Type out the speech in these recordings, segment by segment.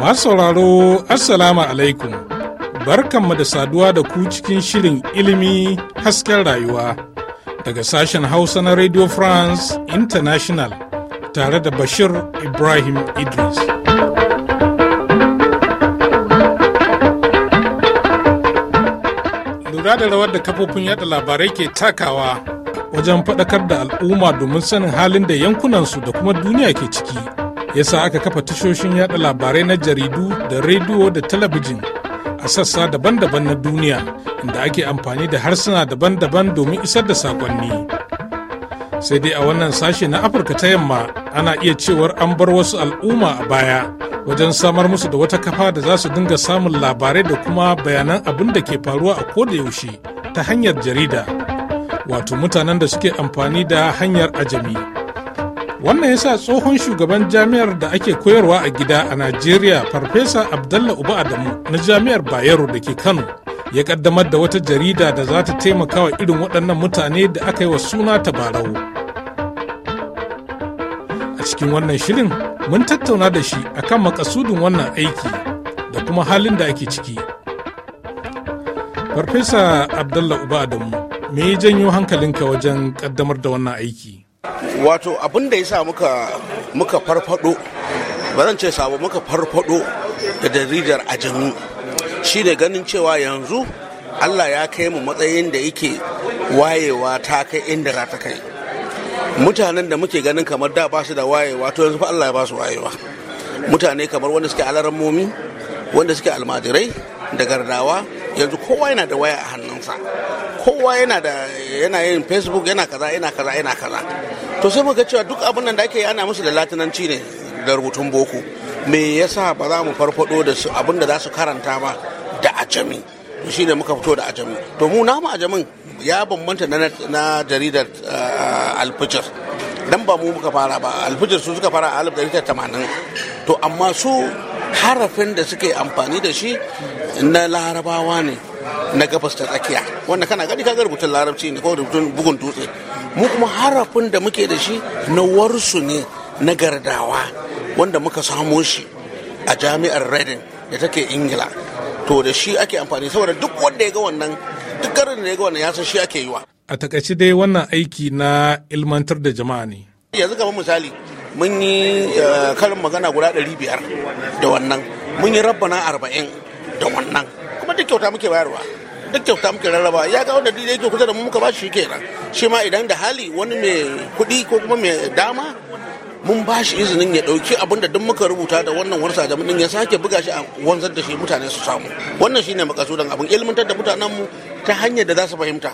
masauraro sauraro Assalamu alaikum barkanmu da saduwa da ku cikin shirin ilimi hasken rayuwa daga sashen Hausa na Radio France International tare da Bashir Ibrahim Idris. Lura da rawar da kafofin yada labarai ke takawa wajen faɗakar da al'umma domin sanin halin da yankunansu da kuma duniya ke ciki yasa aka kafa tashoshin yada labarai na jaridu da rediyo da talabijin a sassa daban-daban na duniya inda ake amfani da harsuna daban-daban domin isar da saƙonni. sai dai a wannan sashe na afirka ta yamma ana iya cewar an bar wasu al'umma a baya wajen samar musu da wata kafa da za su dinga samun labarai da kuma bayanan abin da ke faruwa a koda yaushe ta hanyar jarida wato mutanen da suke amfani da hanyar ajami wannan yasa tsohon shugaban jami'ar da ake koyarwa a gida a najeriya farfesa abdalla uba adamu na jami'ar bayero da ke kano ya kaddamar da wata jarida da za ta taimaka wa irin waɗannan mutane da aka yi wa suna tabarau a cikin wannan shirin mun tattauna da shi akan makasudin wannan aiki da kuma halin da ake ciki farfesa abdalla uba adamu me ya janyo hankalinka wajen kaddamar da wannan aiki wato abin da ya sa muka muka farfado ba zan ce sabo muka farfado da jaridar ajinu shi da ganin cewa yanzu allah ya kai mu matsayin da yake wayewa ta kai inda za ta kai mutanen da muke ganin kamar da ba su da wayewa to yanzu fa allah ya ba su wayewa mutane kamar wanda suke momi wanda suke almajirai da gardawa yanzu kowa yana da waya a hannunsa kowa yana da yana yin facebook yana kaza yana kaza yana kaza to sai muka cewa duk abin da ake yi ana musu da latinanci ne da rubutun boko me yasa ba za mu farfado da su abin da za su karanta ba da ajami shi ne muka fito da ajami to mu namu ajamin ya bambanta na jaridar eh, alfijir dan ba mu muka fara ba alfijir su suka fara a 1980 to amma su harafin da suke amfani da shi na larabawa ne na gabas ta tsakiya wanda kana gani kaga rubutun larabci ne ko rubutun bugun dutse mu kuma harafin da muke da shi na warsu ne na gardawa wanda muka samo shi a jami'ar reading da take ingila to da shi ake amfani saboda duk wanda ya ga wannan duk garin da ya ga wannan ya san shi ake yi wa a takaice dai wannan aiki na ilmantar da jama'a ne yanzu kamar misali mun yi eh, karin magana guda 500 da wannan mun yi rabbana 40 da wannan duk kyauta muke bayarwa duk kyauta muke rarraba ya ga wanda dai yake kusa da mu muka ba shi kenan shi ma idan da hali wani mai kuɗi ko kuma mai dama mun ba shi izinin ya ɗauki abin da duk muka rubuta da wannan wani sadamin ya sake buga shi a wanzar da shi mutane su samu wannan shine makasudan abin ilmantar da mutanen mu ta hanyar da za su fahimta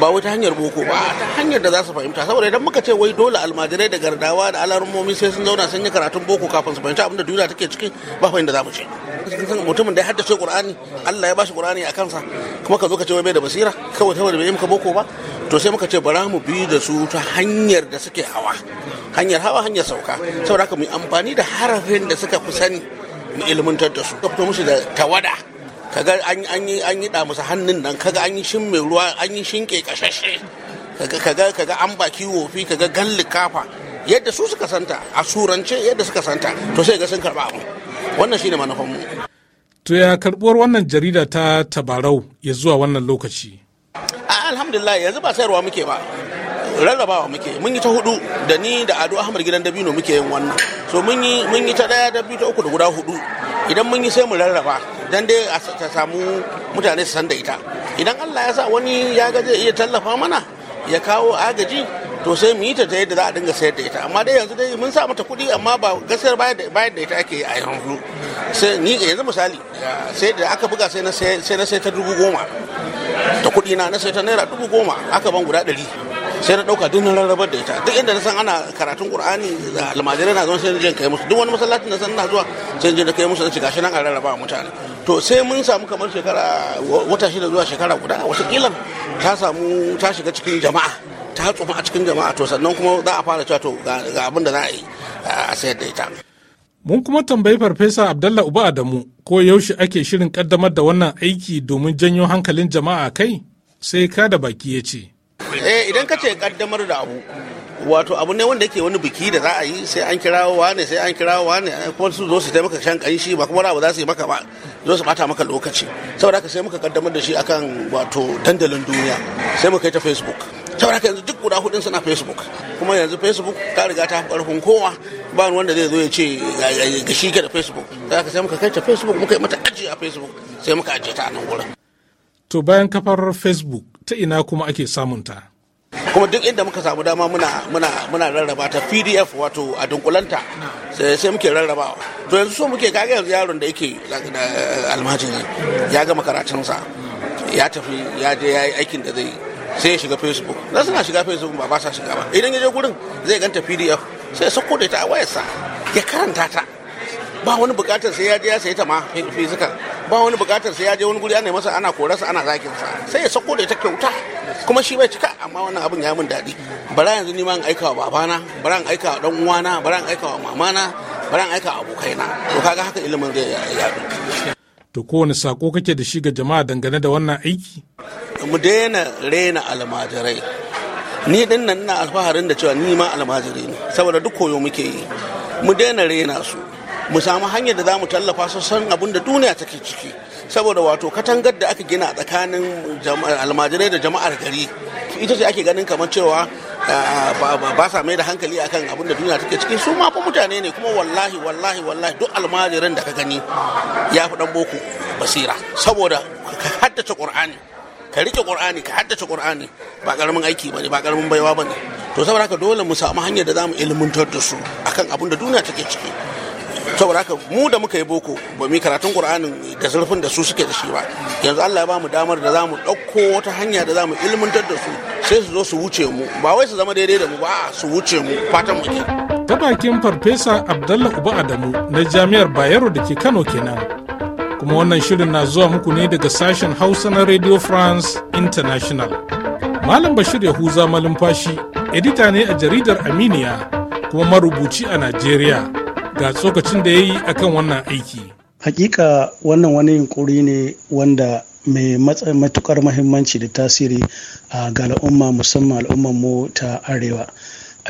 ba wai hanyar boko ba ta hanyar da za su fahimta saboda idan muka ce wai dole almajirai da gardawa da alarmomi sai sun zauna sun yi karatun boko kafin su fahimci abinda da duniya take ciki ba fahimta za mu ce mutumin da ya haddace qur'ani Allah ya bashi qur'ani a kansa kuma ka zo ka ce wai bai da basira kawai saboda bai yi maka boko ba to sai muka ce bara mu bi da su ta hanyar da suke hawa hanyar hawa hanyar sauka saboda haka mu yi amfani da harafin da suka fi sani mu ilmantar da su ka fito musu da tawada kaga an yi an yi da musu hannun nan kaga an yi shin mai ruwa an yi shinke kashashe kaga kaga kaga an baki wofi kaga galli kafa yadda su suka santa a surance yadda suka santa to sai ga sun karba abu wannan shine manufan mu to ya karbuwar wannan jarida ta tabarau ya zuwa wannan lokaci alhamdulillah yanzu ba sayarwa muke ba rarrabawa muke mun yi ta hudu da ni da ado ahmad gidan dabino muke yin wannan so mun yi mun yi ta daya da biyu ta uku da guda hudu idan mun yi sai mu rarraba dan dai a samu mutane su san da ita idan allah ya sa wani ya ga zai iya tallafa mana ya kawo agaji to sai mu yi ta yadda za a dinga sayar da ita amma dai yanzu dai mun sa mata kuɗi amma ba gaskiyar bayar da ita ake a yanzu sai ni yanzu misali sai da aka buga sai na sai ta dubu goma ta kuɗi na na sai ta naira dubu goma aka ban guda ɗari sai na ɗauka duk na rarrabar da ita duk inda na san ana karatun qur'ani da almajirai na zuwa sai na jin kai musu duk wani masallacin na san na zuwa sai na kai musu na shiga shi nan a rarraba mutane to sai mun samu kamar shekara wata shida zuwa shekara guda watakila ta samu ta shiga cikin jama'a ta tsufa a cikin jama'a to sannan kuma za a fara cewa to ga abin da za a yi a sayar da ita mun kuma tambayi farfesa abdallah uba adamu ko yaushe ake shirin kaddamar da wannan aiki domin janyo hankalin jama'a kai sai ka da baki ya ce eh idan ka ce kaddamar da abu wato abu ne wanda yake wani biki da za a yi sai an wa ne sai an wa ne kuma su zo su taimaka shan kanshi ba kuma ba za su yi maka ba zo su bata maka lokaci saboda haka sai muka kaddamar da shi akan wato dandalin duniya sai muka yi ta facebook saboda haka yanzu duk guda hudun suna facebook kuma yanzu facebook ta riga ta karfin kowa ba wanda zai zo ya ce ga shi da facebook saboda haka sai muka kai ta facebook muka yi mata aji a facebook sai muka ajiye ta a nan gurin to bayan kafar facebook ta ina kuma ake samunta kuma duk inda muka samu dama muna muna rarraba ta pdf wato a dunkulanta sai muke rarrabawa to yanzu so muke ka yanzu yaron da yake almajin ya gama karatunsa ya tafi ya je ya yi aikin da zai sai ya shiga facebook na suna shiga facebook ba ba sa shiga ba idan ya je gurin zai ganta pdf sai ya sako da ita a wayarsa ya karanta ta ba wani bukatar sai ya je ya sayi ta ma physical ba wani bukatar sai ya je wani guri ana masa ana korarsa ana zakin sa sai ya sako da ita kyauta kuma shi bai cika amma wannan abin ya min daɗi bara yanzu ni ma in aika wa babana bara in aika wa dan uwana bara in aika wa mamana bara in aika wa abokaina to kaga haka ilimin zai yaɗu to kowane sako kake da shi ga jama'a dangane da wannan aiki mu daina rena almajirai ni din nan ina alfaharin da cewa ni ma almajiri ne saboda duk koyo muke yi mu daina rena su mu samu hanyar da za mu tallafa su san abin da duniya take ciki saboda wato katangar da aka gina tsakanin almajirai da jama'ar gari ita ce ake ganin kamar cewa ba sa mai da hankali akan abin da duniya take ciki su ma fa mutane ne kuma wallahi wallahi wallahi duk almajirin da ka gani ya fi dan boko basira saboda ka haddace qur'ani ka rike qur'ani ka haddace qur'ani ba karamin aiki bane ba karamin baiwa bane to saboda haka dole mu samu hanyar da zamu ilmantar da su akan abin da duniya take ciki saboda haka mu da muka yi boko ba mu yi karatun qur'anin da zurfin da su suke da shi ba yanzu Allah ya ba mu damar da za mu ɗauko wata hanya da za mu ilmantar da su sai su zo su wuce mu ba wai su zama daidai da mu ba su wuce mu fatan mu ke ta bakin farfesa Abdallah Uba Adamu na Jami'ar Bayero da ke Kano kenan kuma wannan shirin na zuwa muku ne daga sashen Hausa na Radio France International Malam Bashir Yahuza Malumfashi edita ne a jaridar Aminiya kuma marubuci a Najeriya ga tsokacin da ya yi a kan wannan aiki. Hakika wannan wani yunkuri ne wanda mai matukar mahimmanci da tasiri a ah, ga al'umma musamman al'ummar mu ta arewa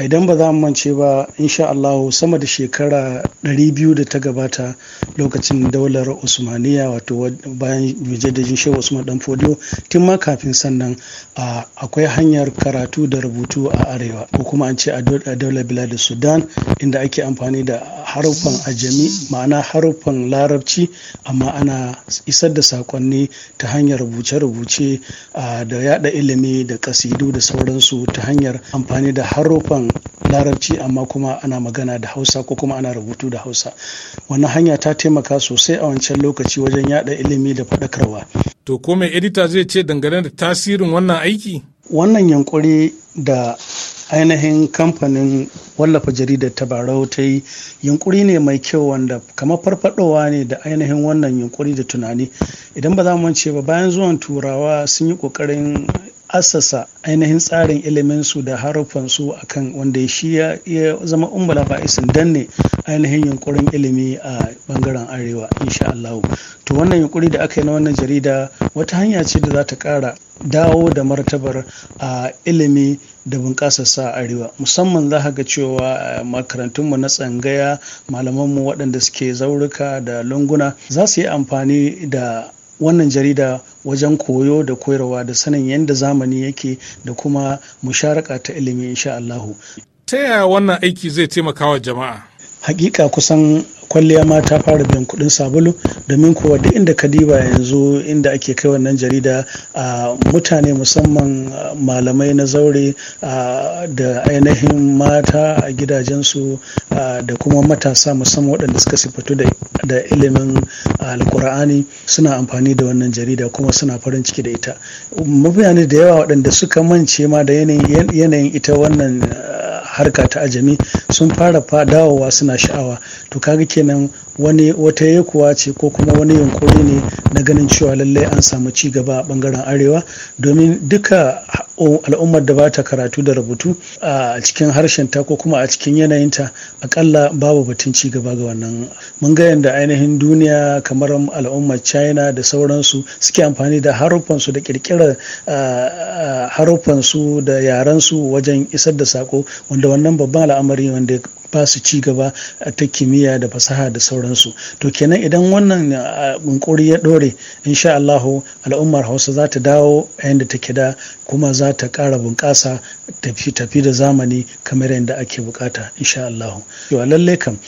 a idan ba za mu mance ba insha Allahu sama da shekara 200 da ta gabata lokacin daular usmaniya wato bayan mujaddajin shehu usman dan fodiyo tun ma kafin sannan akwai hanyar karatu da rubutu a arewa ko kuma an ce a daular bilad sudan inda ake amfani da haruffan ajami ma'ana haruffan larabci amma ana isar da sakonni ta hanyar rubuce-rubuce da yada ilimi da kasidu da sauransu ta hanyar amfani da haruffan larabci amma kuma ana magana da hausa ko kuma ana rubutu da hausa wannan hanya ta taimaka sosai a wancan lokaci wajen yada ilimi da faɗakarwa to ko mai edita zai ce dangane da tasirin wannan aiki wannan yankuri da ainihin kamfanin wallafa jaridar tabarau ta yi yunkuri ne mai kyau wanda kamar farfadowa ne da ainihin wannan yunkuri da tunani idan ba za mu ce ba bayan zuwan turawa sun yi kokarin assasa ainihin tsarin ilimin su da haruffan su akan wanda shi ya zama umbala fa'isin danne ainihin yunkurin ilimi a bangaren arewa insha Allah to wannan yunkuri da aka yi na wannan jarida wata hanya ce da za ta kara dawo da martabar a ilimi da bunƙasa sa arewa musamman za ga cewa makarantunmu na tsangaya malamanmu waɗanda suke zaurika da lunguna za su yi amfani da wannan jarida wajen koyo da koyarwa da sanin yadda zamani yake da kuma musharaka ta ilimi insha Allahu. Ta yaya wannan aiki zai taimaka wa jama'a? hakika kusan kwalliya ma ta fara biyan kudin sabulu domin kuwa da inda kadiba yanzu inda ake kai wannan jarida a mutane musamman malamai na zaure da ainihin mata a gidajensu da kuma matasa musamman waɗanda suka sifatu da ilimin alkur'ani suna amfani da wannan jarida kuma suna farin ciki da ita mutane da yawa waɗanda suka mance ma da yanayin ita wannan harka ta ajami sun fara dawowa suna sha'awa to kaga kenan wani wata yakuwa ce ko kuma wani yunkuri ne na ganin cewa lallai an samu ci gaba a bangaren arewa domin duka al'ummar da ba ta karatu da rubutu a cikin harshen ta ko kuma a cikin yanayinta akalla babu batun ci gaba ga wannan mun ga yanda ainihin duniya kamar al'ummar china da sauransu suke amfani da haruffansu da kirkirar haruffansu da yarensu wajen isar da sako wanda wannan babban al'amari wanda ba su ci gaba eh, ta kimiyya da fasaha da sauransu to kenan idan wannan eh, yunkuri ya dore insha Allahu al'ummar Hausa za ta dawo yadda take da kuma za ta ƙara bunƙasa tafi da zamani kamar yadda ake bukata insha Allahu lallai kam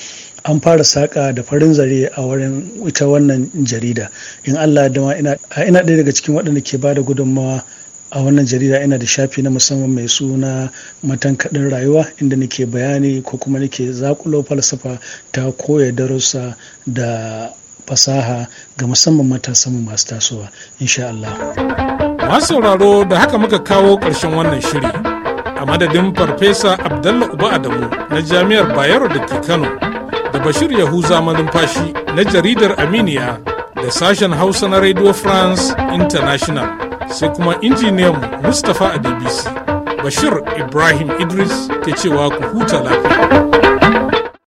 an fara saƙa da farin zare a wurin ita wannan jarida in Allah da ina ɗaya daga cikin waɗanda ke ba da gudunmawa a wannan jarida ina da shafi na musamman mai suna matan kaɗin rayuwa inda nake bayani ko kuma nake zakulo falsafa ta koya darussa da fasaha ga musamman matasanmu masu tasowa insha Allah. masu sauraro da haka muka kawo ƙarshen wannan shiri a madadin farfesa abdallah uba adamu na jami'ar bayero da ke kano da bashir yahuza malumfashi na jaridar aminiya da sashen hausa na radio france international sai kuma injiniyan Mustapha Adebisi. Bashir Ibrahim Idris ke cewa ku huta lafiya.